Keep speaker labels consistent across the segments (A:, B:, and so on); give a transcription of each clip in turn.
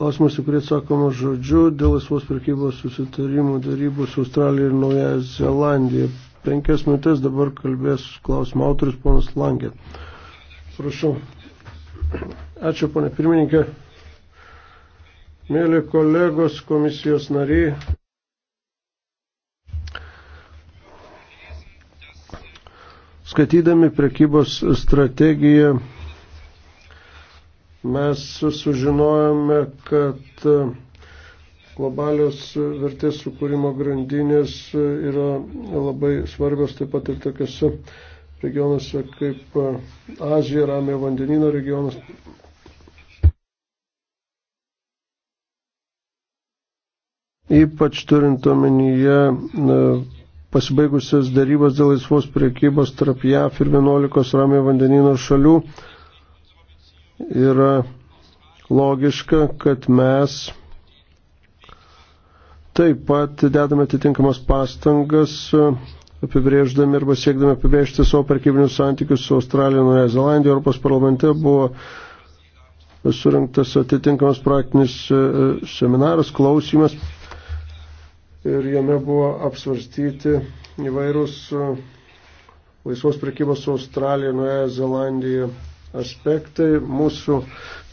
A: Klausimas, į kurį atsakoma žodžiu, dėl laisvos prekybos susitarimų darybų su Australija ir Nauja Zelandija. Penkias minutės dabar kalbės klausimo autoris ponas Langė. Prašau. Ačiū, ponė pirmininkė. Mėly kolegos, komisijos nariai. Skatydami prekybos strategiją mes sužinojome, kad e, globalios vertės sukūrimo grandinės e, yra labai svarbios taip pat ir tokiuose regionuose kaip e, Azija, Ramė vandenino regionas. Ypač turint omenyje pasibaigusias darybas dėl laisvos priekybos tarp JAF ir 11 Ramė vandenino šalių, yra logiška, kad mes taip pat dedame atitinkamas pastangas apibrėždami arba siekdami apibrėžti savo perkybinius santykius su Australija, Nauja Zelandija. Europos parlamente buvo surinktas atitinkamas praktinis e, seminaras, klausimas ir jame buvo apsvarstyti įvairūs e, laisvos prekybos su Australija, Nauja Zelandija aspektai. Mūsų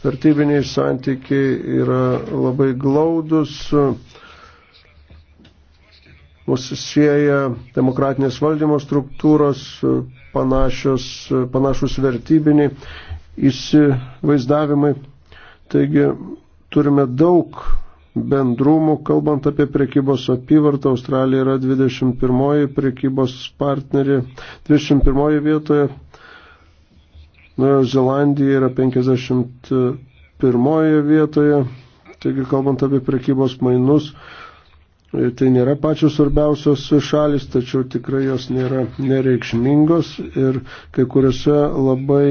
A: vertybiniai santykiai yra labai glaudus. Mūsų sieja demokratinės valdymo struktūros, panašios, panašus vertybiniai įsivaizdavimai. Taigi turime daug bendrumų, kalbant apie prekybos apyvartą, Australija yra 21 prekybos partnerė, 21 vietoje Naujoji Zelandija yra 51 vietoje, taigi kalbant apie prekybos mainus, e, tai nėra pačios svarbiausios šalis, tačiau tikrai jos nėra nereikšmingos ir kai kuriuose labai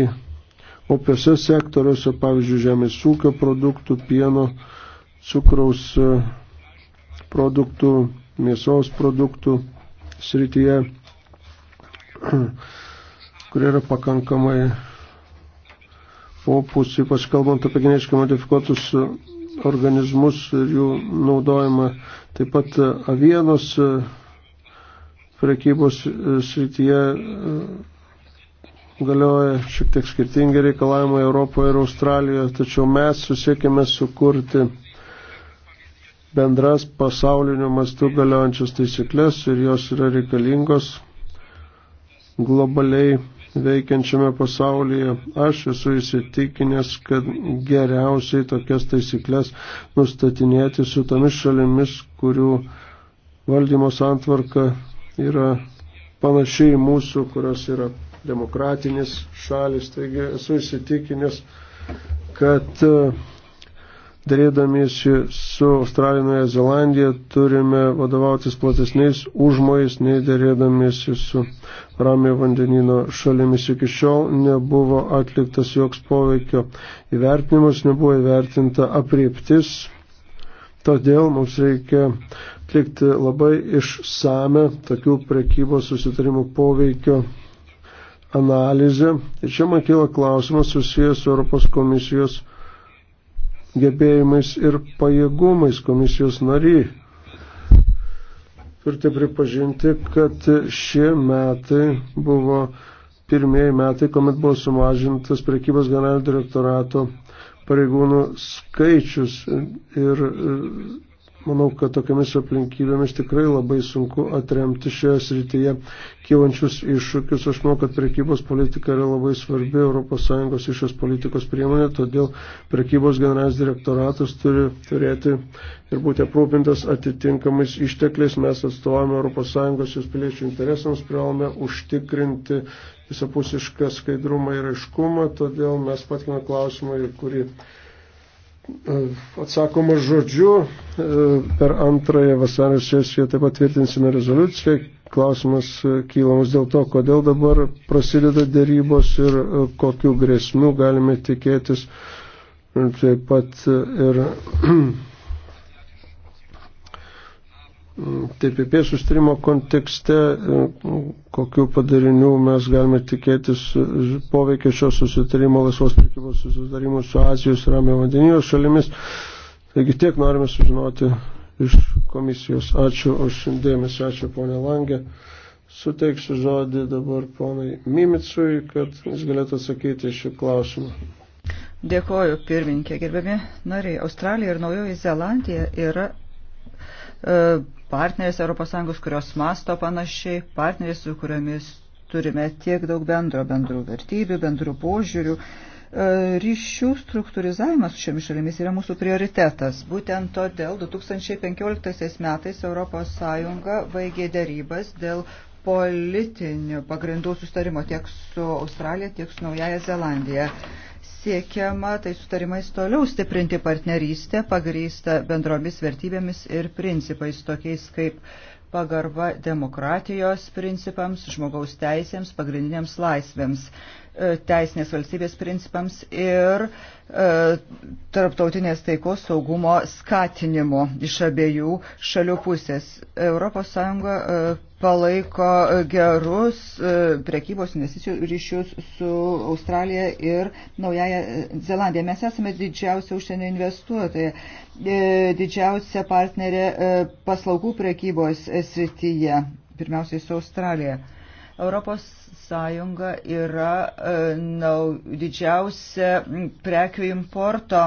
A: opiose sektoriuose, pavyzdžiui, žemės ūkio produktų, pieno, cukraus e, produktų, mėsos produktų srityje, kurie yra pakankamai opus, ypač kalbant apie genetiškai modifikuotus organizmus ir jų naudojimą. Taip pat avienos prekybos srityje e, galioja šiek tiek skirtingi reikalavimai Europoje ir Australijoje, tačiau mes susiekime sukurti bendras pasauliniu mastu galiojančias taisyklės ir jos yra reikalingos globaliai veikiančiame pasaulyje. Aš esu įsitikinęs, kad geriausiai tokias taisyklės nustatinėti su tomis šalimis, kurių valdymo santvarka yra panašiai mūsų, kurios yra demokratinis šalis. Taigi esu įsitikinęs, kad uh, Dėrėdamiesi su Australija ir Nauja Zelandija turime vadovautis platesniais užmojais, nei dėrėdamiesi su Ramio vandenino šalimis. Iki šiol nebuvo atliktas joks poveikio įvertinimas, nebuvo įvertinta apriptis. Todėl mums reikia atlikti labai išsame tokių prekybos susitarimų poveikio analizę. Ir čia man kyla klausimas susijęs su Europos komisijos gebėjimais ir pajėgumais komisijos nariai. Turite pripažinti, kad šie metai buvo pirmieji metai, kuomet buvo sumažintas prekybos generalinio direktorato pareigūnų skaičius ir Manau, kad tokiamis aplinkybėmis tikrai labai sunku atremti šioje srityje kylančius iššūkius. Aš manau, kad prekybos politika yra labai svarbi ES išės politikos priemonė, todėl prekybos generalinis direktoratas turi turėti ir būti aprūpintas atitinkamais ištekliais. Mes atstovavome ES jos piliečių interesams, privalome užtikrinti visapusišką skaidrumą ir aiškumą, todėl mes patikime klausimą, kurį atsakoma žodžiu. E, per antrąją vasario sesiją taip pat tvirtinsime rezoliuciją. Klausimas e, kylamas dėl to, kodėl dabar prasideda dėrybos ir e, kokiu grėsmiu galime tikėtis. Taip pat ir TPP sustrimo kontekste, e, kokiu padariniu mes galime tikėtis e, poveikia šio susitarimo laisvos prekybos susitarimų su Azijos ramio vandenijos šalimis. Taigi tiek norime sužinoti iš komisijos. Ačiū už dėmesį, ačiū ponė Langė. Suteiksiu žodį dabar ponai Mimicui, kad jis galėtų atsakyti šį klausimą.
B: Dėkoju, pirmininkė. Gerbiami nariai, Australija ir Naujoji Zelandija yra. Uh, partnerės ES, kurios masto panašiai, partnerės, su kuriomis turime tiek daug bendro, bendrų vertybių, bendrų požiūrių. E, ryšių struktūrizavimas su šiomis šalimis yra mūsų prioritetas. Būtent todėl 2015 metais ES baigė darybas dėl politinių pagrindų sustarimo tiek su Australija, tiek su Naujaja Zelandija siekiama tai sutarimais toliau stiprinti partnerystę pagrįstą bendromis vertybėmis ir principais, tokiais kaip pagarba demokratijos principams, žmogaus teisėms, pagrindiniams laisvėms. E, teisinės valstybės principams ir e, tarptautinės taikos saugumo skatinimo iš abiejų šalių pusės. ES e, palaiko gerus prekybos investicijų ryšius su Australija ir Naujaja Zelandija. Mes esame didžiausia užsienio investuotoja, didžiausia partnerė paslaugų prekybos srityje, pirmiausiai su Australija. Europos Sąjunga yra e, nau, didžiausia prekių importo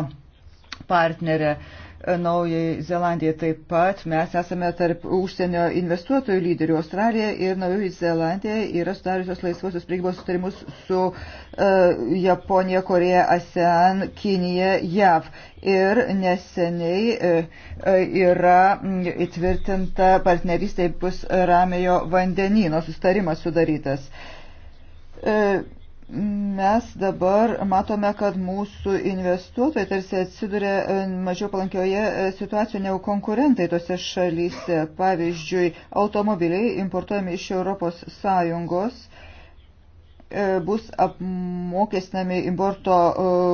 B: partnerė. Naujai Zelandijai taip pat mes esame tarp užsienio investuotojų lyderių. Australija ir Naujoji Zelandija yra sudariusios laisvosios priekybos sutarimus su uh, Japonija, Koreja, ASEAN, Kinija, JAV. Ir neseniai uh, yra įtvirtinta partnerystė bus ramėjo vandenyno sustarimas sudarytas. Uh, mes dabar matome, kad mūsų investuotojai tarsi atsiduria e, mažiau palankioje e, situacijoje negu konkurentai tose šalyse. Pavyzdžiui, automobiliai importuojami iš ES e, bus apmokestinami importo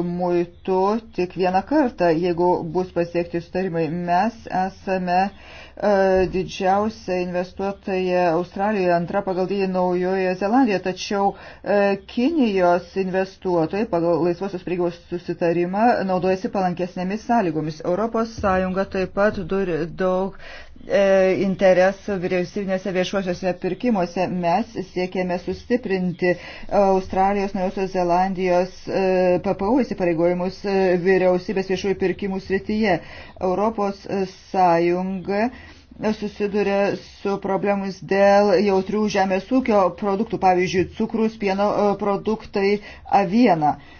B: muitu tik vieną kartą, jeigu bus pasiekti sutarimai. Mes esame uh, E, didžiausia investuotoja Australijoje, antra pagal dydį Naujoje Zelandijoje, tačiau e, Kinijos investuotojai pagal laisvosios prieigos susitarimą naudojasi palankesnėmis sąlygomis. Europos Sąjunga taip pat turi daug E, interesų vyriausybinėse viešuosiuose pirkimuose. Mes siekėme sustiprinti Australijos, Naujosios Zelandijos e, PPU įsipareigojimus e, vyriausybės viešųjų pirkimų srityje. Europos Sąjunga susiduria su problemus dėl jautrių žemės ūkio produktų, pavyzdžiui, cukrus, pieno produktai, aviena. Uh,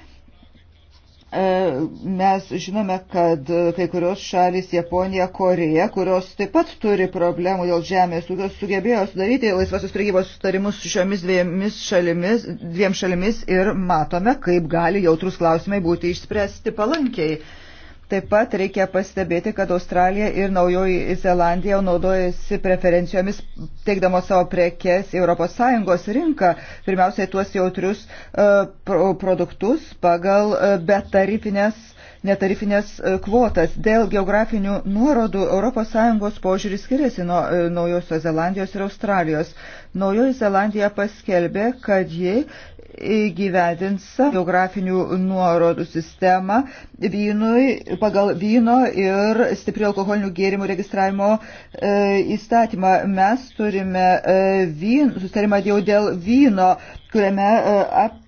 B: E, mes žinome, kad kai kurios šalis, Japonija, Koreja, kurios taip pat turi problemų dėl žemės ūkio, sugebėjo sudaryti laisvasios prekybos sutarimus su šiomis dviemis šalimis, dviem šalimis ir matome, kaip gali jautrus klausimai būti išspręsti palankiai. Taip pat reikia pastebėti, kad Australija ir Naujoji Zelandija jau naudojasi preferencijomis teikdamos savo prekes ES rinką, pirmiausiai tuos jautrius uh, produktus pagal uh, e, betarifinės netarifinės e, kvotas. Dėl geografinių nuorodų ES požiūris skiriasi nuo e, Naujosios Zelandijos ir Australijos. Naujoji Zelandija paskelbė, kad ji įgyvendins geografinių nuorodų sistemą vynui, pagal vyno ir stiprių alkoholinių gėrimų registravimo e, įstatymą. Mes turime e, vyn, sustarimą jau dėl vyno, kuriame e, ap,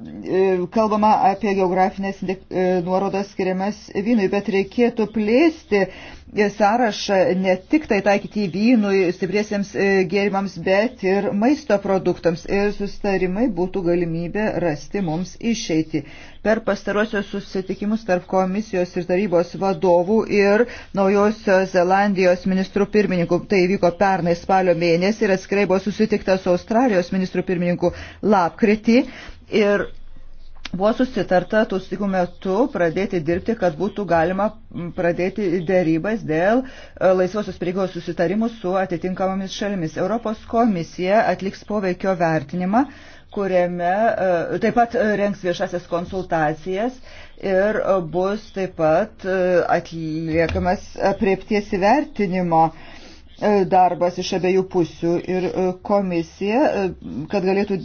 B: E, kalbama apie geografinės e, nuorodas skiriamas vynui, bet reikėtų plėsti sąrašą ne tik tai taikyti vynui, stipriesiems e, gėrimams, bet ir maisto produktams. Ir sustarimai būtų galimybė rasti mums išeiti. Per pastarosios susitikimus tarp komisijos ir tarybos vadovų ir naujosios Zelandijos ministrų pirmininkų, tai vyko pernai spalio mėnesį ir atskirai buvo susitikta su Australijos ministrų pirmininku lapkritį, Ir buvo susitarta tų stikų metu pradėti dirbti, kad būtų galima pradėti dėrybas dėl e, laisvosios prieigos susitarimų su atitinkamomis šalimis. Europos komisija atliks poveikio vertinimą kuriame e, taip pat e, renks viešasias konsultacijas ir bus taip pat atliekamas priepties įvertinimo E, darbas iš abiejų pusių ir e, komisija, e, kad galėtų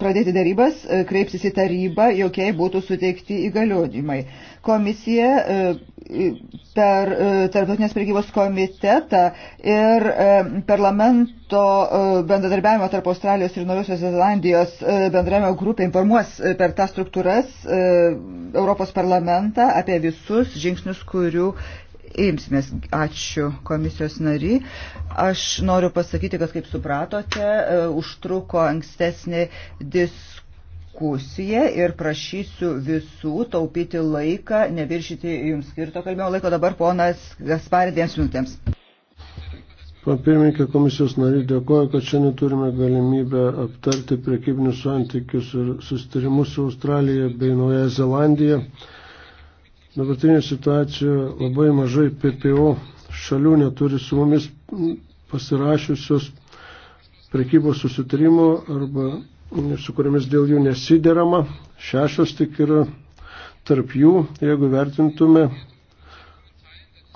B: pradėti darybas, kreipsis į tarybą, jokiai būtų suteikti įgaliojimai. Komisija per Tarptautinės prekybos komitetą ir parlamento bendradarbiavimo tarp Australijos ir Naujosios Zelandijos bendravimo grupė informuos per tą struktūras Europos parlamentą apie visus žingsnius, kurių imsimės. Ačiū komisijos nariai. Aš noriu pasakyti, kad kaip supratote, e, užtruko ankstesnė diskusija ir prašysiu visų taupyti laiką, neviršyti jums skirto kalbėjimo laiko. Dabar ponas Gasparė dviems minutėms.
A: Papirminkė komisijos nariai dėkoju, kad šiandien turime galimybę aptarti priekybinius santykius ir sustarimus su Australija bei Nauja Zelandija. Dabartinė situacija labai mažai PPO šalių neturi su mumis pasirašiusios prekybos susitarimo arba su kuriamis dėl jų nesiderama. Šešios tik yra tarp jų, jeigu vertintume,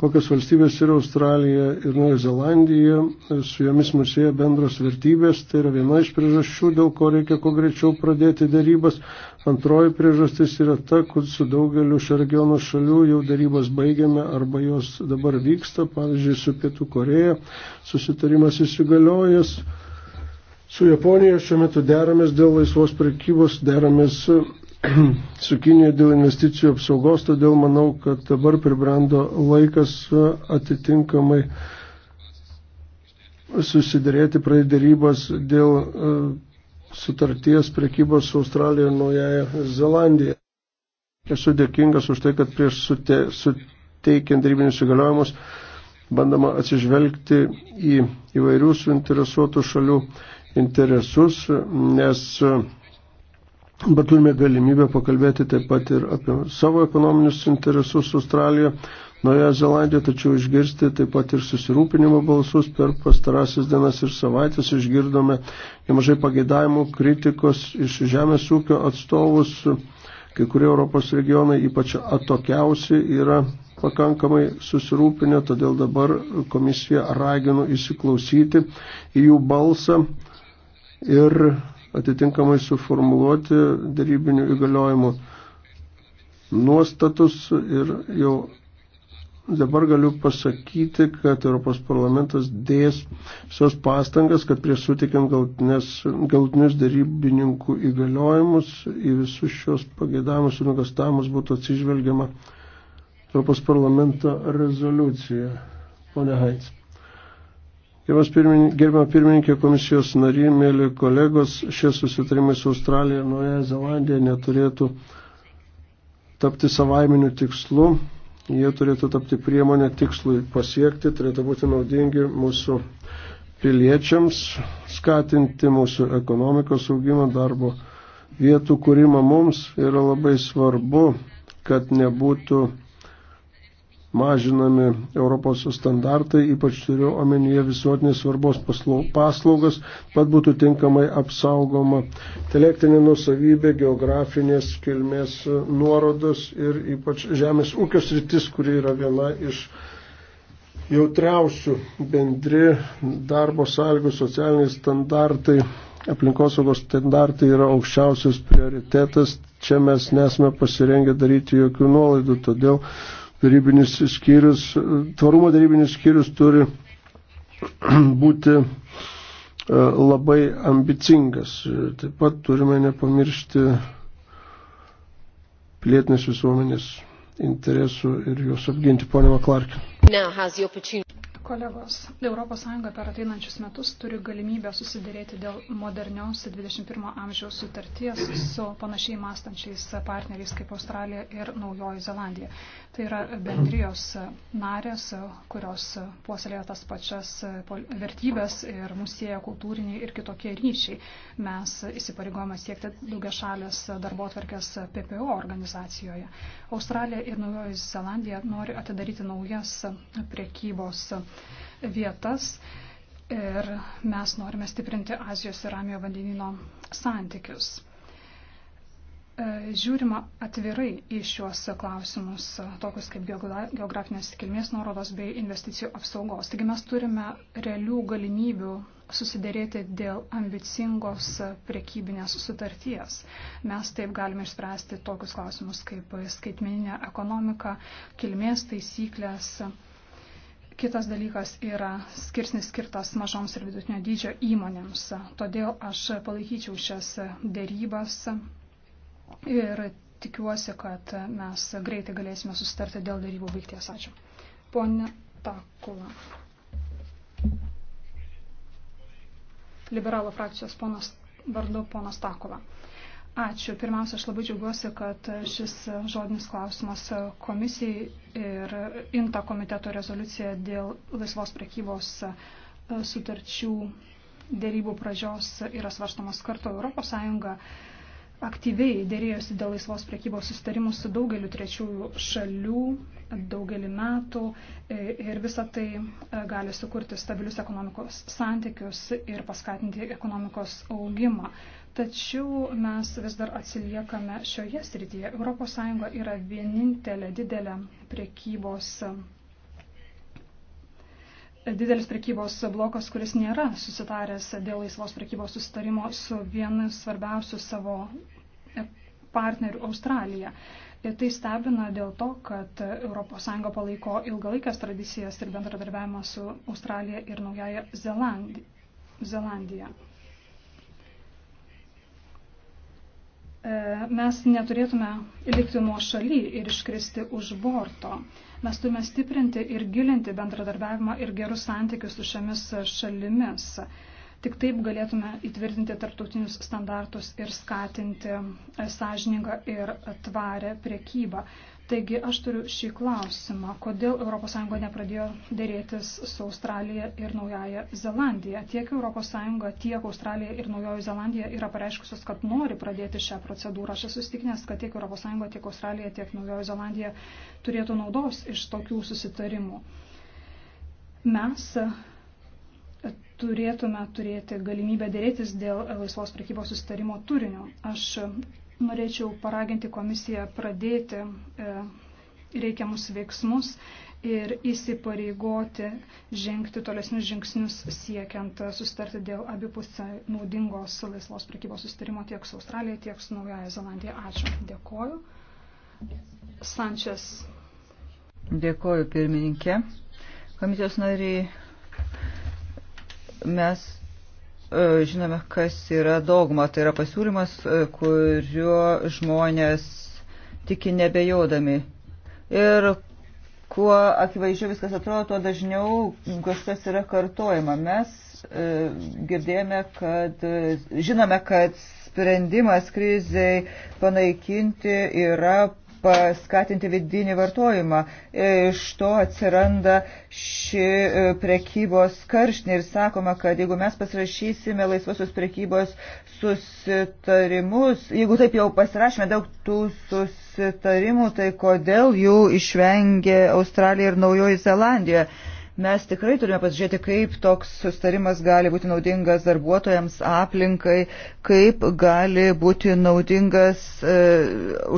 A: kokios valstybės yra Australija ir Nuoja Zelandija, su jomis musėja bendros vertybės, tai yra viena iš priežasčių, dėl ko reikia kuo greičiau pradėti darybas. Antroji priežastis yra ta, kad su daugeliu šio regiono šalių jau darybas baigiame arba jos dabar vyksta, pavyzdžiui, su Pietų Koreja susitarimas įsigaliojęs, su Japonija šiuo metu deramės dėl laisvos prekybos, deramės su Kinėje dėl investicijų apsaugos, todėl manau, kad dabar pribrando laikas atitinkamai susidėrėti praeidėrybas dėl sutarties prekybos su Australija ir Naujaja Zelandija. Esu dėkingas už tai, kad prieš sute, suteikiant darybinius įgaliojimus bandama atsižvelgti į įvairių suinteresuotų šalių interesus, nes bet turime galimybę pakalbėti taip pat ir apie savo ekonominius interesus Australijoje Naujoje Zelandijoje, tačiau išgirsti taip pat ir susirūpinimo balsus per pastarasis dienas ir savaitės išgirdome nemažai pageidavimų kritikos iš žemės ūkio atstovus. Kai kurie Europos regionai, ypač atokiausi, yra pakankamai susirūpinę, todėl dabar komisija raginu įsiklausyti į jų balsą ir atitinkamai suformuluoti darybinių įgaliojimų nuostatus ir jau Dabar galiu pasakyti, kad Europos parlamentas dės visos pastangas, kad prieš sutikiant galtinius darybininkų įgaliojimus į visus šios pagėdavimus ir nugastavimus būtų atsižvelgiama Europos parlamento rezoliucija. Pone Haitz. Pirmin, Gerbama pirmininkė komisijos nariai, mėly kolegos, šie susitarimai su Australija ir Nuoja Zelandija neturėtų tapti savaiminiu tikslu, Jie turėtų tapti priemonę tikslui pasiekti, turėtų būti naudingi mūsų piliečiams, skatinti mūsų ekonomikos augimą, darbo vietų kūrimą mums yra labai svarbu, kad nebūtų mažinami Europos standartai, ypač turiu omenyje visuotinės svarbos paslaugas, pat būtų tinkamai apsaugoma telektinė nusavybė, geografinės kilmės nuorodos ir ypač žemės ūkio sritis, kuri yra viena iš jautriausių bendri darbo sąlygų socialiniai standartai, aplinkosaugos standartai yra aukščiausias prioritetas. Čia mes nesame pasirengę daryti jokių nuolaidų, todėl darybinis skyrius, tvarumo darybinis skyrius turi būti e, labai ambicingas. Taip pat turime nepamiršti pilietinės visuomenės interesų ir juos apginti, ponė
C: Maklarkė.
D: Kolegos, ES per ateinančius metus turi galimybę susidėrėti dėl modernios 21 amžiaus sutarties su panašiai mąstančiais partneriais kaip Australija ir Naujoji Zelandija. Tai yra bendrijos narės, kurios puoselėja tas pačias vertybės ir musėja kultūriniai ir kitokie ryšiai. Mes įsipareigojame siekti daugia šalės darbo atverkės PPO organizacijoje. Australija ir Naujoji Zelandija nori atidaryti naujas priekybos vietas ir mes norime stiprinti Azijos ir Ramijo vandenino santykius. E, žiūrima atvirai į šiuos klausimus, e, tokius kaip geografinės kilmės nuorodos bei investicijų apsaugos. Taigi mes turime realių galimybių susidėrėti dėl ambicingos priekybinės sutarties. Mes taip galime išspręsti tokius klausimus kaip skaitmeninė ekonomika, kilmės taisyklės Kitas dalykas yra skirsnis skirtas mažoms ir vidutinio dydžio įmonėms. Todėl aš palaikyčiau šias dėrybas ir tikiuosi, kad mes greitai galėsime susitarti dėl dėrybų baigties. Ačiū. Pone Takula. Liberalų frakcijos ponas, vardu ponas Takula. Ačiū. Pirmiausia, aš labai džiaugiuosi, kad šis žodinis klausimas komisijai ir inta komiteto rezoliucija dėl laisvos prekybos sutarčių dėrybų pradžios yra svarstamas kartu. ES aktyviai dėrėjosi dėl laisvos prekybos sustarimų su daugeliu trečiųjų šalių daugelį metų ir visa tai gali sukurti stabilius ekonomikos santykius ir paskatinti ekonomikos augimą. Tačiau mes vis dar atsiliekame šioje srityje. ES yra vienintelė didelė priekybos, didelis priekybos blokas, kuris nėra susitaręs dėl laisvos priekybos susitarimo su vienu svarbiausiu savo partneriu Australija. Ir tai stebina dėl to, kad ES palaiko ilgalaikės tradicijas ir bendradarbiavimą su Australija ir Naujaja Zelandija. E, mes neturėtume likti nuo šaly ir iškristi už borto. Mes turime stiprinti ir gilinti bendradarbiavimą ir gerus santykius su šiomis šalimis. Tik taip galėtume įtvirtinti tarptautinius standartus ir skatinti e, sąžiningą ir tvarę priekybą. Taigi aš turiu šį klausimą. Kodėl ES nepradėjo dėrėtis su Australija ir Naujaja Zelandija? Tiek ES, tiek Australija ir Naujoji Zelandija yra pareiškusios, kad nori pradėti šią procedūrą. Aš esu įstikinęs, kad tiek ES, tiek Australija, tiek Naujoji Zelandija turėtų naudos iš tokių susitarimų. Mes turėtume turėti galimybę dėrėtis dėl laisvos prekybos susitarimo turinio. Aš norėčiau paraginti komisiją pradėti e, reikiamus veiksmus ir įsipareigoti žengti tolesnius žingsnius siekiant sustarti dėl abipusę naudingos laisvos prekybos sustarimo tiek su Australija, tiek su Naujaja Zelandija. Ačiū. Dėkoju. Sančias.
B: Dėkoju pirmininkė. Komisijos nariai, mes E, žinome, kas yra dogma. Tai yra pasiūlymas, e, kuriuo žmonės tiki nebejodami. Ir kuo akivaizdžiau viskas atrodo, tuo dažniau kažkas yra kartojama. Mes e, girdėjome, kad žinome, kad sprendimas kriziai panaikinti yra paskatinti vidinį vartojimą. Iš to atsiranda ši e, prekybos karštinė ir sakoma, kad jeigu mes pasirašysime laisvosios prekybos susitarimus, jeigu taip jau pasirašėme daug tų susitarimų, tai kodėl jų išvengė Australija ir Naujoji Zelandija? Mes tikrai turime pasižiūrėti, kaip toks sustarimas gali būti naudingas darbuotojams, aplinkai, kaip gali būti naudingas e,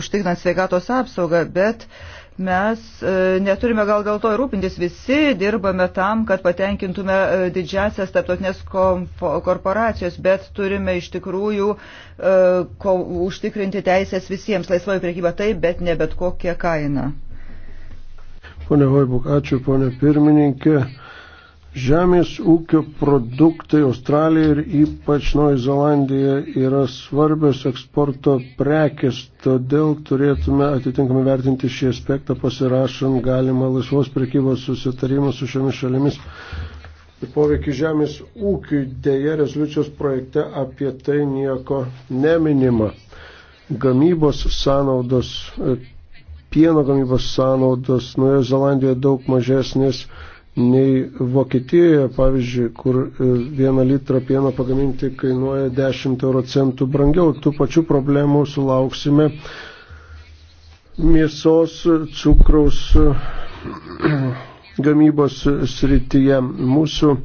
B: užtikrinant sveikatos apsaugą, bet mes e, neturime gal dėl to rūpintis, visi dirbame tam, kad patenkintume e, didžiasias tarptautinės korporacijos, bet turime iš tikrųjų e, ko, užtikrinti teisės visiems, laisvoji priekyba taip, bet ne bet kokia kaina.
A: Pone Hoibuk, ačiū, pone pirmininkė. Žemės ūkio produktai Australija ir ypač Naujoji Zelandija yra svarbios eksporto prekės, todėl turėtume atitinkamai vertinti šį aspektą pasirašant galimą laisvos prekybos susitarimą su šiomis šalimis. Poveikį žemės ūkiui dėja rezoliucijos projekte apie tai nieko neminima. Gamybos sąnaudos pieno gamybos sąnaudos Nuojo Zelandijoje daug mažesnės nei Vokietijoje, pavyzdžiui, kur e, vieną litrą pieno pagaminti kainuoja 10 euro centų brangiau. Tų pačių problemų sulauksime mėsos, cukraus e, gamybos srityje. Mūsų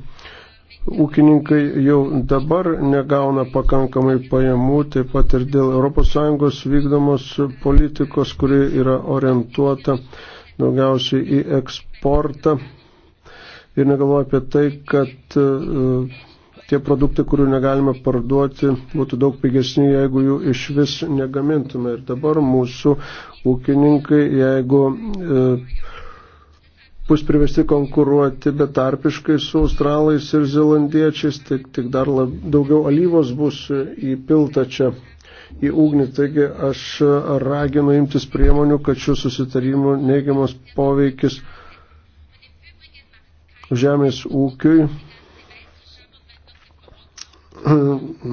A: ūkininkai jau dabar negauna pakankamai pajamų, taip pat ir dėl ES vykdomos politikos, kuri yra orientuota daugiausiai į eksportą ir negalvoja apie tai, kad e, tie produktai, kurių negalime parduoti, būtų daug pigesni, jeigu jų iš vis negamintume. Ir dabar mūsų ūkininkai, jeigu e, bus privesti konkuruoti betarpiškai su australais ir zelandiečiais, tik, tik dar lab, daugiau alyvos bus įpilta čia į ugnį. Taigi aš raginu imtis priemonių, kad šių susitarimų neigiamas poveikis žemės ūkiui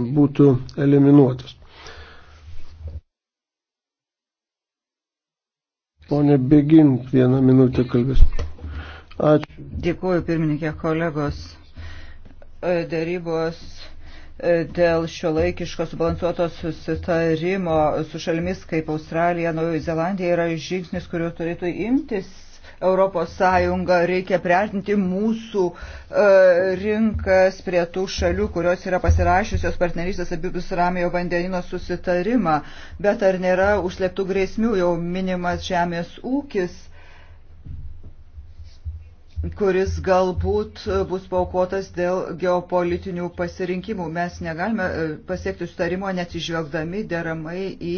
A: būtų eliminuotas. Pone Begin, vieną minutę kalbės.
B: Ačiū. Dėkuoju, pirmininkė, kolegos. E, darybos e, dėl šio laikiško subalansuoto susitarimo su šalimis kaip Australija, Naujoji Zelandija yra žingsnis, kurio turėtų imtis. Europos Sąjunga reikia priartinti mūsų e, rinkas prie tų šalių, kurios yra pasirašiusios partnerystės abipus Ramėjo vandenino susitarimą. Bet ar nėra užsleptų grėsmių jau minimas žemės ūkis? kuris galbūt e, bus paukotas dėl geopolitinių pasirinkimų. Mes negalime e, pasiekti sutarimo neatsižvelgdami deramai į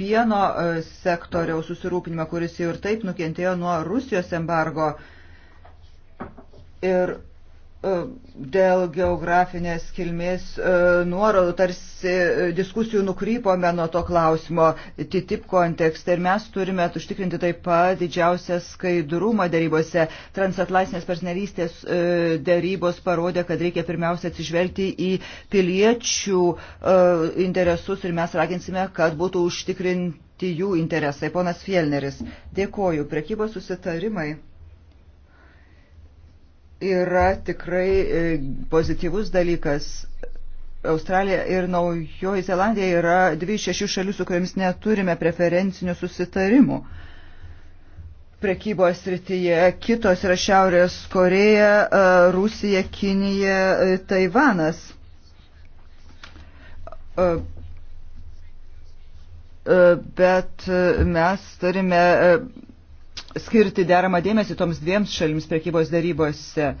B: pieno e, sektoriaus susirūpinimą, kuris jau ir taip nukentėjo nuo Rusijos embargo. Ir E, dėl geografinės kilmės e, nuorodų tarsi e, diskusijų nukrypome nuo to klausimo TTIP kontekste ir mes turime užtikrinti taip pat didžiausią skaidrumą darybose. Transatlantinės partnerystės darybos parodė, kad reikia pirmiausia atsižvelgti į piliečių interesus ir mes raginsime, kad būtų užtikrinti jų interesai. Ponas Fielneris, dėkoju. Prekybos susitarimai yra tikrai e, pozityvus dalykas. Australija ir Naujoji Zelandija yra dvi iš šešių šalių, su kuriamis neturime preferencinių susitarimų. Prekybos srityje kitos yra Šiaurės Koreja, e, Rusija, Kinija, e, Taivanas. Bet mes turime skirti deramą dėmesį toms dviems šalims prekybos darybose.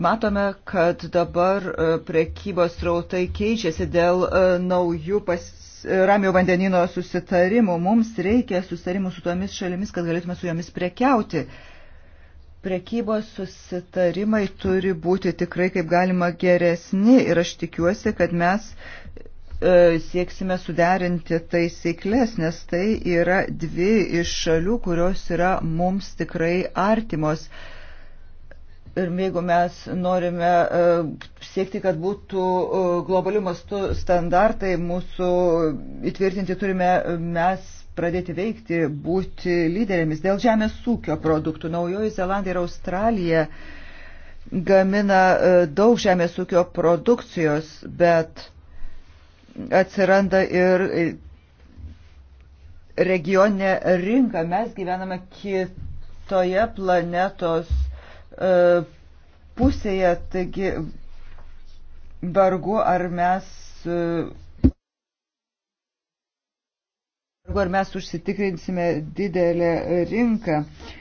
B: Matome, kad dabar e, prekybos rautai keičiasi dėl e, naujų pas, e, ramio vandenino susitarimų. Mums reikia susitarimų su tomis šalimis, kad galėtume su jomis prekiauti. Prekybos susitarimai turi būti tikrai kaip galima geresni ir aš tikiuosi, kad mes E, sieksime suderinti taisyklės, nes tai yra dvi iš šalių, kurios yra mums tikrai artimos. Ir jeigu mes norime e, siekti, kad būtų e, globalių mastų standartai mūsų įtvirtinti, turime mes pradėti veikti, būti lyderėmis dėl žemės ūkio produktų. Naujoji Zelandija ir Australija gamina daug žemės ūkio produkcijos, bet atsiranda ir regioninė rinka. Mes gyvename kitoje planetos e, pusėje, taigi vargu ar mes. E, ar mes užsitikrinsime didelę rinką. Uh,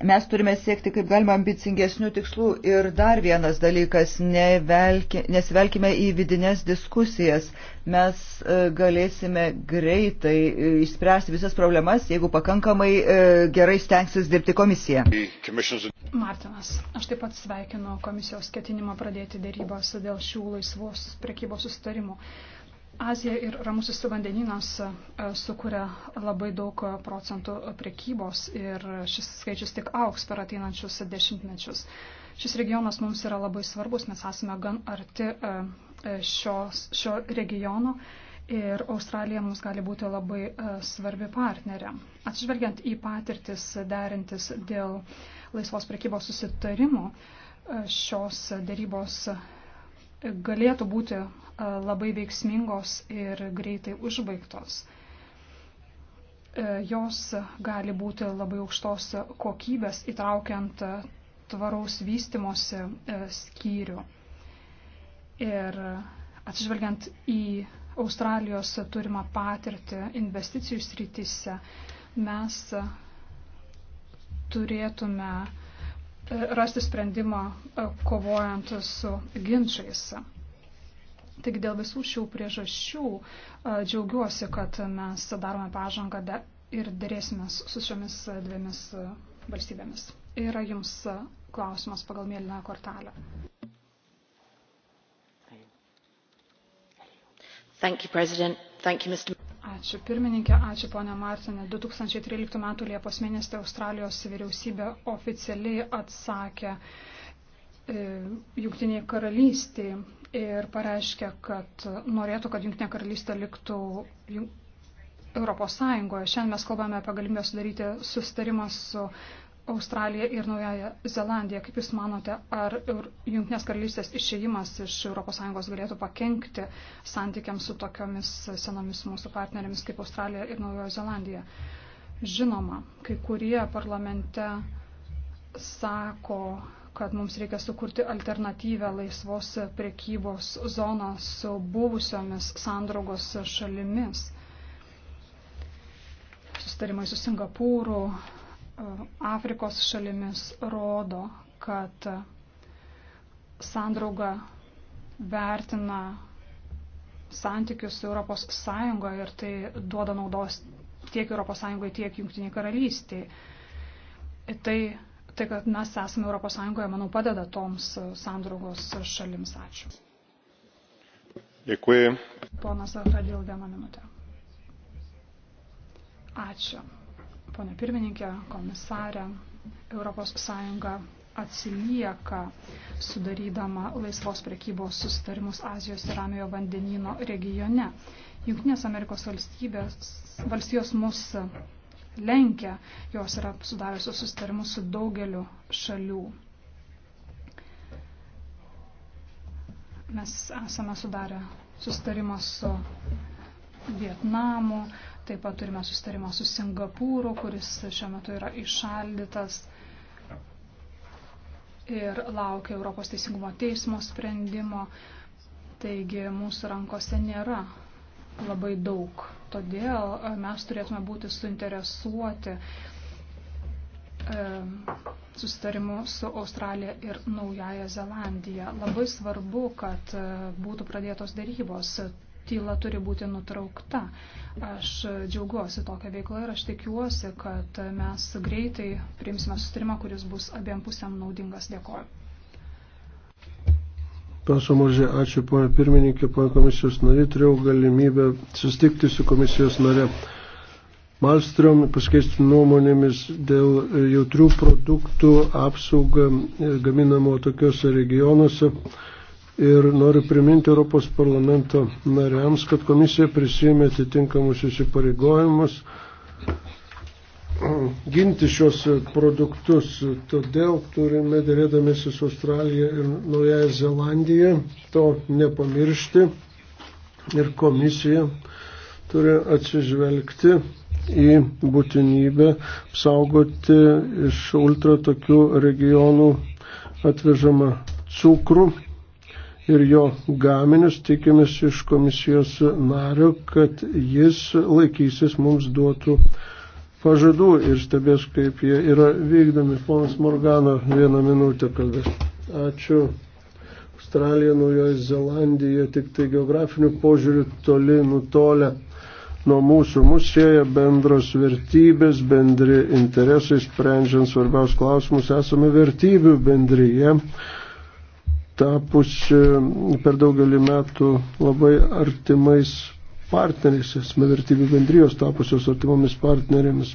B: Mes turime siekti kaip galima ambicingesnių tikslų ir dar vienas dalykas, nevelki, nesivelkime į vidinės diskusijas. Mes e, galėsime greitai e, išspręsti visas problemas, jeigu pakankamai e, gerai stengsis dirbti komisija.
D: Martinas, aš taip pat sveikinu komisijos ketinimą pradėti dėrybas dėl šių laisvos prekybos sustarimų. Azija ir Ramusis vandeninas e, sukuria labai daug procentų prekybos ir šis skaičius tik auks per ateinančius dešimtmečius. Šis regionas mums yra labai svarbus, mes esame gan arti e, e, šios, šio regiono ir Australija mums gali būti labai svarbi partnerė. Atsižvelgiant į patirtis derintis dėl laisvos prekybos susitarimo, šios darybos galėtų būti e, labai veiksmingos ir greitai užbaigtos. E, jos gali būti labai aukštos kokybės įtraukiant e, tvaraus vystimosi skyrių. Ir atsižvelgiant į Australijos turimą patirtį investicijų srityse, mes turėtume rasti sprendimą e, kovojant su ginčiais. Taigi dėl visų šių priežasčių e, džiaugiuosi, kad mes darome pažangą ir dėrėsimės su šiomis dviemis e, valstybėmis. Yra jums klausimas pagal mėlyną kortelę.
C: Thank you, President. Thank you, Mr.
D: Ačiū pirmininkė, ačiū ponė Martinė. 2013 m. Liepos mėnesį Australijos vyriausybė oficialiai atsakė e, Junktinėje karalystėje ir pareiškė, kad norėtų, kad Junktinė karalystė liktų Europos Sąjungoje. Šiandien mes kalbame apie galimybę sudaryti sustarimą su Australija ir Naujaja Zelandija. Kaip Jūs manote, ar Junktinės karalystės išėjimas iš ES galėtų pakengti santykiams su tokiomis senomis mūsų partnerėmis kaip Australija ir Naujoja Zelandija? Žinoma, kai kurie parlamente sako, kad mums reikia sukurti alternatyvę laisvos priekybos zoną su buvusiomis sandraugos šalimis. Sustarimai su Singapūru, Afrikos šalimis rodo, kad sandrauga vertina santykius su ES ir tai duoda naudos tiek ES, tiek Junktiniai karalystiai. Tai, tai, kad mes esame ES, manau, padeda toms sandraugos šalims.
E: Ačiū. Dėkui.
D: Ponas Radil, vieną minutę. Ačiū. Pone pirmininkė, komisarė, ES atsilieka sudarydama laisvos prekybos sustarimus Azijos ir Ramiojo vandenino regione. Junktinės Amerikos valstybės, valstijos mus lenkia, jos yra sudariusios sustarimus su daugeliu šalių. Mes esame sudarę sustarimą su Vietnamu, Taip pat turime sustarimą su Singapūru, kuris šiuo metu yra išaldytas ir laukia Europos teisingumo teismo sprendimo. Taigi mūsų rankose nėra labai daug. Todėl e, mes turėtume būti suinteresuoti e, susitarimu su Australija ir Naujaja Zelandija. Labai svarbu, kad e, būtų pradėtos darybos tyla turi būti nutraukta. Aš džiaugiuosi tokią veiklą ir aš tikiuosi, kad mes greitai priimsime sustarimą, kuris bus abiem pusėm naudingas. Dėkoju.
A: Pasomožė, ačiū ponia pirmininkė, ponia komisijos nariai, turėjau galimybę sustikti su komisijos nare Malstrom, pasikeisti nuomonėmis dėl jautrių produktų apsaugą gaminamo tokiuose regionuose Ir noriu priminti Europos parlamento nariams, kad komisija prisėmė atitinkamus įsipareigojimus ginti šios produktus. Todėl turime dėrėdamėsi su Australija ir Naujaja Zelandija to nepamiršti. Ir komisija turi atsižvelgti į būtinybę saugoti iš ultra tokių regionų atvežamą cukrų ir jo gaminius. Tikimės iš komisijos nario, kad jis laikysis mums duotų pažadų ir stebės, kaip jie yra vykdomi. Ponas Morgano vieną minutę kalbės. Ačiū. Australija, Naujoji Zelandija tik tai geografinių požiūrių toli nutolę nuo mūsų. Mūsų sieja bendros vertybės, bendri interesai, sprendžiant svarbiaus klausimus, esame vertybių bendryje tapusi e, per daugelį metų labai artimais partneriais, esame vertybių bendrijos tapusios artimomis partnerėmis.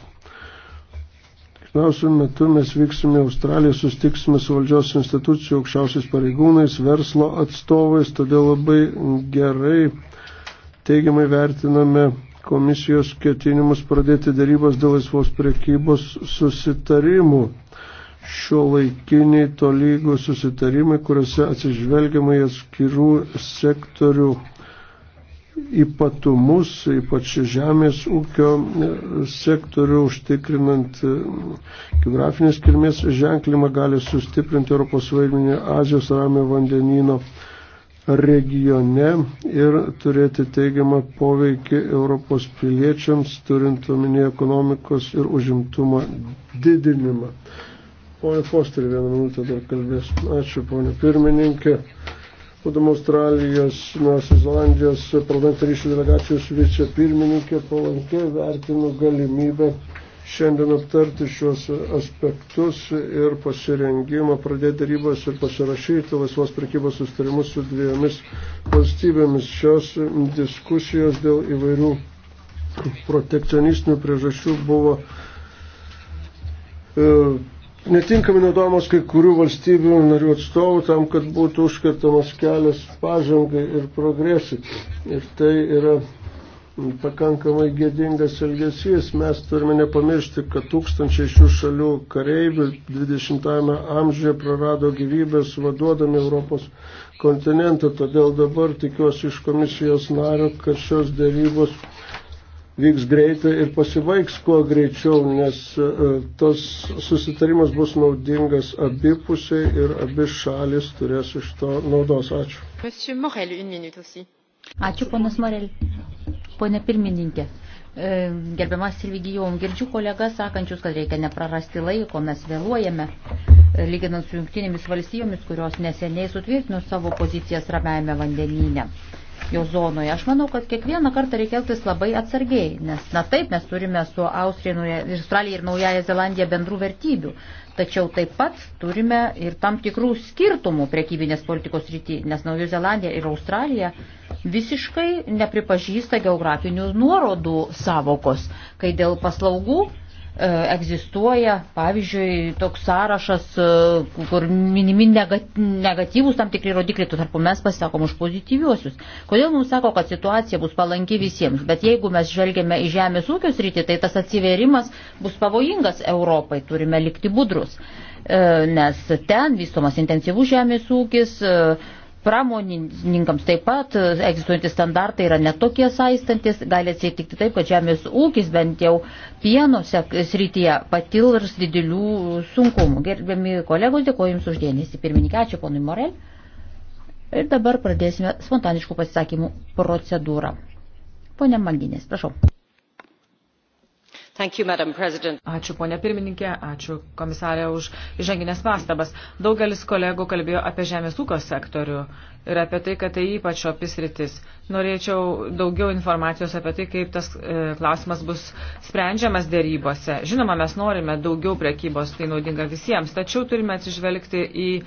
A: Pirmiausiu metu mes vyksime į Australiją, sustiksime su valdžios institucijų, aukščiausiais pareigūnais, verslo atstovais, todėl labai gerai teigiamai vertiname komisijos ketinimus pradėti darybas dėl laisvos priekybos susitarimų šio laikiniai tolygų susitarimai, kuriuose atsižvelgiama į atskirų sektorių ypatumus, ypač žemės ūkio sektorių užtikrinant e, geografinės kilmės ženklimą, gali sustiprinti Europos vaidmenį Azijos ramio vandenino regione ir turėti teigiamą poveikį Europos piliečiams, turint omenyje ekonomikos ir užimtumo didinimą. Pone Fosterį, vieną minutę dar kalbės. Ačiū, ponė pirmininkė. Būdama Australijos, Nuosios Zelandijos parlamento ryšių delegacijos vicepirmininkė palankė vertinu galimybę šiandien aptarti šios aspektus ir pasirengimą pradėti darybos ir pasirašyti laisvos prekybos sustarimus su dviejomis valstybėmis. Šios diskusijos dėl įvairių protekcionistinių priežasčių buvo e, netinkamai naudojamos kai kurių valstybių narių atstovų tam, kad būtų užkirtamas kelias pažangai ir progresui. Ir tai yra pakankamai gėdingas elgesys. Mes turime nepamiršti, kad tūkstančiai šių šalių kareivių 20-ame amžiuje prarado gyvybės vaduodami Europos kontinentą. Todėl dabar tikiuosi iš komisijos nario, kad šios dėrybos vyks greitai ir pasibaigs kuo greičiau, nes e, tas susitarimas bus naudingas abipusiai ir abi šalis turės iš to naudos.
C: Ačiū. Morel, Ačiū, ponas Morel. Pone pirmininkė. E, Gerbiamas Silvigijom, girdžiu kolegas sakančius, kad reikia neprarasti laiko, mes vėluojame, e, lyginant su jungtinėmis valstijomis, kurios neseniai sutvirtino savo pozicijas ramiajame vandenyne jau zonoje. Aš manau, kad kiekvieną kartą reikia elgtis labai atsargiai, nes, na taip, mes turime su Austrija, Australija ir Naujaja Zelandija bendrų vertybių, tačiau taip pat turime ir tam tikrų skirtumų prekybinės politikos rytį, nes Naujoji Zelandija ir Australija visiškai nepripažįsta geografinių nuorodų savokos, kai dėl paslaugų E, egzistuoja, pavyzdžiui, toks sąrašas, e, kur minimi negatyvus tam tikri rodikliai, tu tarpu mes pasisakom už pozityviuosius. Kodėl mums sako, kad situacija bus palanki visiems, bet jeigu mes žvelgiame į žemės ūkio sritį, tai tas atsiverimas bus pavojingas Europai, turime likti budrus. E, nes ten vystomas intensyvus žemės ūkis, Pramonininkams taip pat e, egzistuojantys standartai yra netokie saistantis, gali atsitikti taip, kad žemės ūkis bent jau pieno srityje patils didelių sunkumų. Gerbiami kolegos, dėkuoju Jums uždėmesi. Pirmininkė, ačiū ponui Morel. Ir dabar pradėsime spontaniškų pasisakymų procedūrą. Pone Malginės, prašau.
F: You, ačiū, ponė pirmininkė, ačiū komisarė už įžanginės pastabas. Daugelis kolegų kalbėjo apie žemės ūkio sektorių ir apie tai, kad tai ypač opis rytis. Norėčiau daugiau informacijos apie tai, kaip tas e, klausimas bus sprendžiamas dėrybose. Žinoma, mes norime daugiau prekybos, tai naudinga visiems, tačiau turime atsižvelgti į e,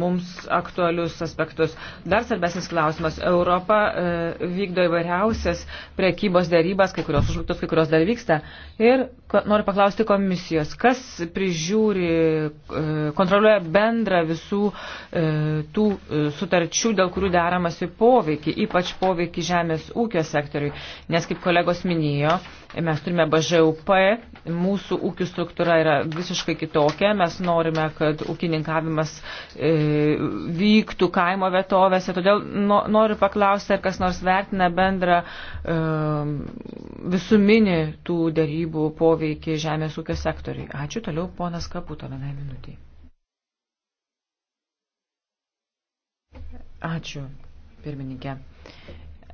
F: mums aktualius aspektus. Dar svarbesnis klausimas. Europa e, vykdo įvairiausias prekybos dėrybas, kai kurios užbūtos, kai kurios dar vyksta. Ir ko, noriu paklausti komisijos, kas prižiūri, e, kontroliuoja bendrą visų e, tų e, sutarčių, dėl kurių deramasi poveikį, ypač poveikį žemės ūkio sektoriui. Nes, kaip kolegos minėjo, mes turime BŽUP, mūsų ūkių struktūra yra visiškai kitokia, mes norime, kad ūkininkavimas e, vyktų kaimo vietovėse, todėl no, noriu paklausti, ar kas nors vertina bendrą e, visuminį tų darybų poveikį žemės ūkio sektoriui. Ačiū toliau, ponas Kaputo, vienai minutiai. Ačiū, pirmininkė.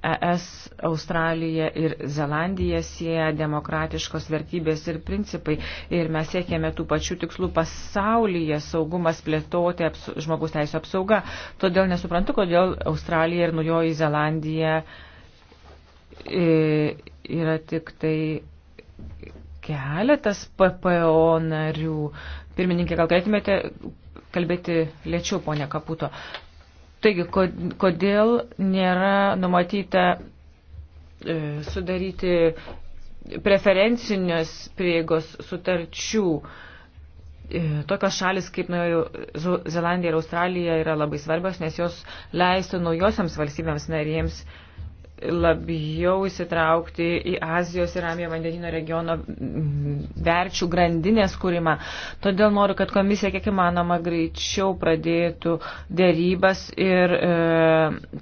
F: ES, Australija ir Zelandija sieja demokratiškos vertybės ir principai. Ir mes siekėme tų pačių tikslų pasaulyje - saugumas plėtoti, aps, žmogus teisų apsauga. Todėl nesuprantu, kodėl Australija ir Nujoji Zelandija e, yra tik tai keletas PPO narių. Pirmininkė, gal galėtumėte kalbėti lėčiau, ponė Kaputo. Taigi, kodėl nėra numatyta e, sudaryti preferencinės prieigos sutarčių. E, tokios šalis kaip Naujojo Zelandija ir Australija yra labai svarbios, nes jos leistų naujosiams valstybėms narėms labiau įsitraukti į Azijos ir Ramijo vandenino regiono verčių grandinės kūrimą. Todėl noriu, kad komisija kiek įmanoma greičiau pradėtų dėrybas ir e,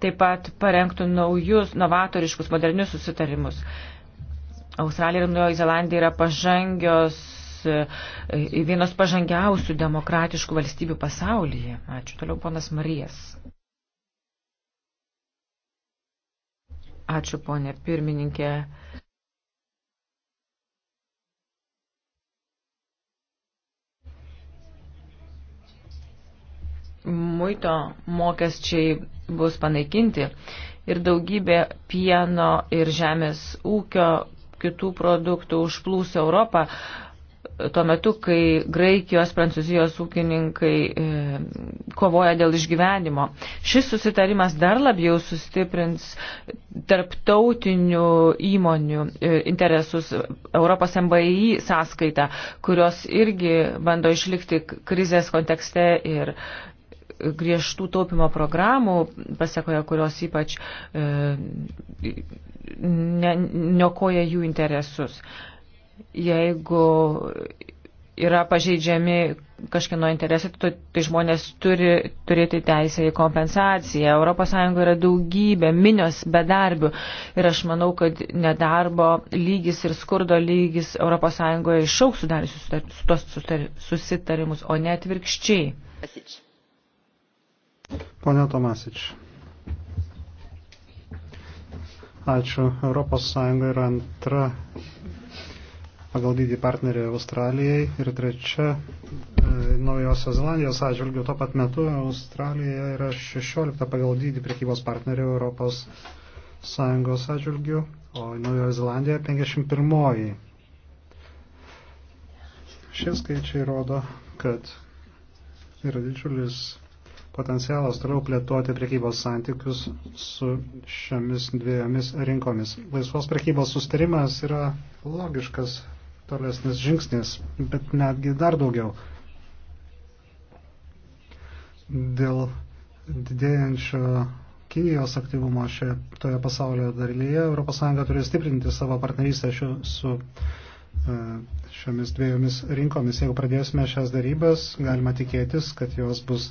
F: taip pat parengtų naujus, novatoriškus, modernius susitarimus. Australija ir Naujoji Zelandija yra pažangios, e, e vienos pažangiausių demokratiškų valstybių pasaulyje. Ačiū. Toliau ponas Marijas. Ačiū, ponė pirmininkė. Muito mokesčiai bus panaikinti ir daugybė pieno ir žemės ūkio kitų produktų užplūs Europą, tuo metu, kai Graikijos, Prancūzijos ūkininkai e, kovoja dėl išgyvenimo. Šis susitarimas dar labiau sustiprins tarptautinių įmonių e, interesus Europos MBI sąskaitą, kurios irgi bando išlikti krizės kontekste ir griežtų taupimo programų, pasakoja, kurios ypač e, ne, niokoja jų interesus. E, jeigu yra pažeidžiami kažkieno interesai, tai, tai žmonės turi turėti teisę į kompensaciją. ES yra daugybė, minios bedarbių ir aš manau, kad nedarbo lygis ir skurdo lygis ES išauks sudarius tuos susitarimus, o ne atvirkščiai.
E: Pone Tomasič. Ačiū. ES yra antra pagal dydį partnerį Australijai ir trečia e, Naujosios Zelandijos atžvilgių. Tuo pat metu Australija yra 16 pagal dydį prekybos partnerių Europos Sąjungos atžvilgių, o Naujoji Zelandija 51. Šie skaičiai rodo, kad yra didžiulis potencialas toliau plėtoti prekybos santykius su šiomis dviejomis rinkomis. Laisvos prekybos sustarimas yra logiškas tolesnis žingsnis, bet netgi dar daugiau. Dėl didėjančio Kinijos aktyvumo šioje toje pasaulio dalyje ES turi stiprinti savo partnerystę šiu, su e, šiomis dviejomis rinkomis. Jeigu pradėsime šias darybas, galima tikėtis, kad jos bus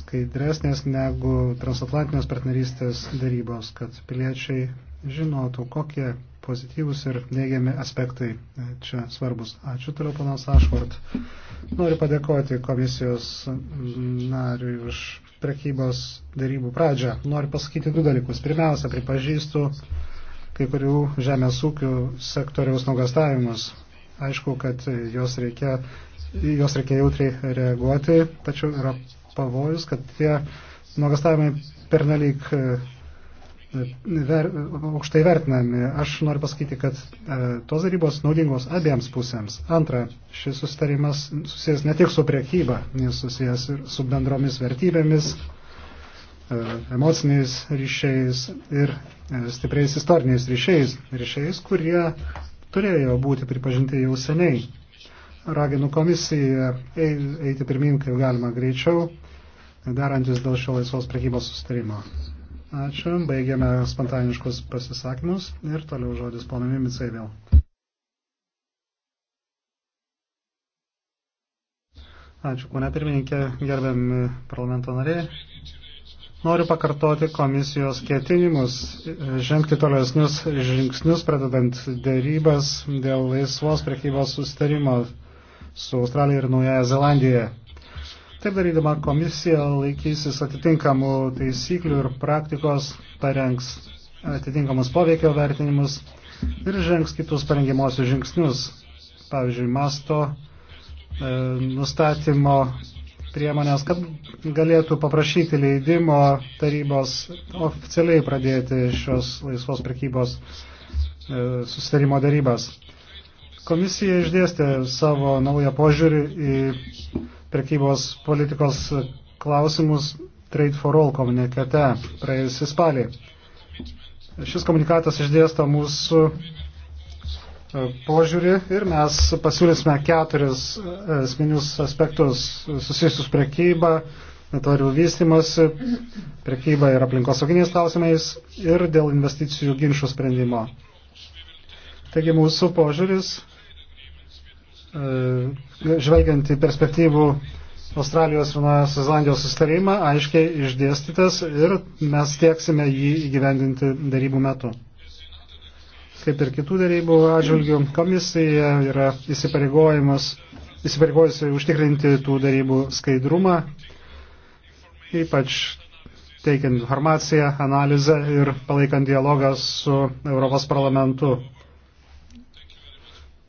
E: skaidresnės negu transatlantinės partnerystės darybos, kad piliečiai žinotų, kokie pozityvus ir neigiami aspektai čia svarbus. Ačiū toliau, panas Ašvart. Noriu padėkoti komisijos nariui už prekybos darybų pradžią. Noriu pasakyti du dalykus. Pirmiausia, pripažįstu kai kurių žemės ūkių sektoriaus nugastavimus. Aišku, kad jos reikia, jos reikia jautriai reaguoti, tačiau yra pavojus, kad tie nuogastavimai pernelyg ver, aukštai vertinami. Aš noriu pasakyti, kad e, tos darybos naudingos abiems pusėms. Antra, šis sustarimas susijęs ne tik su priekyba, jis susijęs ir su bendromis vertybėmis, e, emociniais ryšiais ir e, stipriais istoriniais ryšiais, ryšiais, kurie turėjo būti pripažinti jau seniai. Raginu komisiją eiti pirmin, kaip galima greičiau, darantis dėl šio laisvos prekybos sustarimo. Ačiū. Baigėme spontaniškus pasisakymus ir toliau žodis ponui Mimicai vėl. Ačiū, kūne pirmininkė, gerbiami parlamento nariai. Noriu pakartoti komisijos ketinimus, žengti tolesnius žingsnius, pradedant dėrybas dėl laisvos prekybos sustarimo su Australija ir Naujaja Zelandija. Taip darydama komisija laikysis atitinkamų taisyklių ir praktikos, parengs atitinkamus poveikio vertinimus ir žengs kitus parengimosius žingsnius, pavyzdžiui, masto e, nustatymo priemonės, kad galėtų paprašyti leidimo tarybos oficialiai pradėti šios laisvos prekybos e, susitarimo darybas. Komisija išdėstė savo naują požiūrį į prekybos politikos klausimus Trade for All komunikate praėjusį spalį. Šis komunikatas išdėsta mūsų e, požiūrį ir mes pasiūlysime keturis e, esminius aspektus susijusius prekybą, tvarių vystimosi, prekyba ir aplinkosauginiais klausimais ir dėl investicijų ginčių sprendimo. Taigi mūsų požiūris E, žvelgiant į perspektyvų Australijos ir Naujos Zelandijos sustarimą aiškiai išdėstytas ir mes tieksime jį įgyvendinti darybų metu. Kaip ir kitų darybų atžvilgių, komisija yra įsipareigojusi užtikrinti tų darybų skaidrumą, ypač teikiant informaciją, analizę ir palaikant dialogą su Europos parlamentu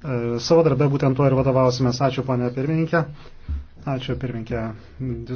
E: E, savo darbę būtent tuo ir vadovausimės. Ačiū, ponė pirmininkė. Ačiū, pirmininkė.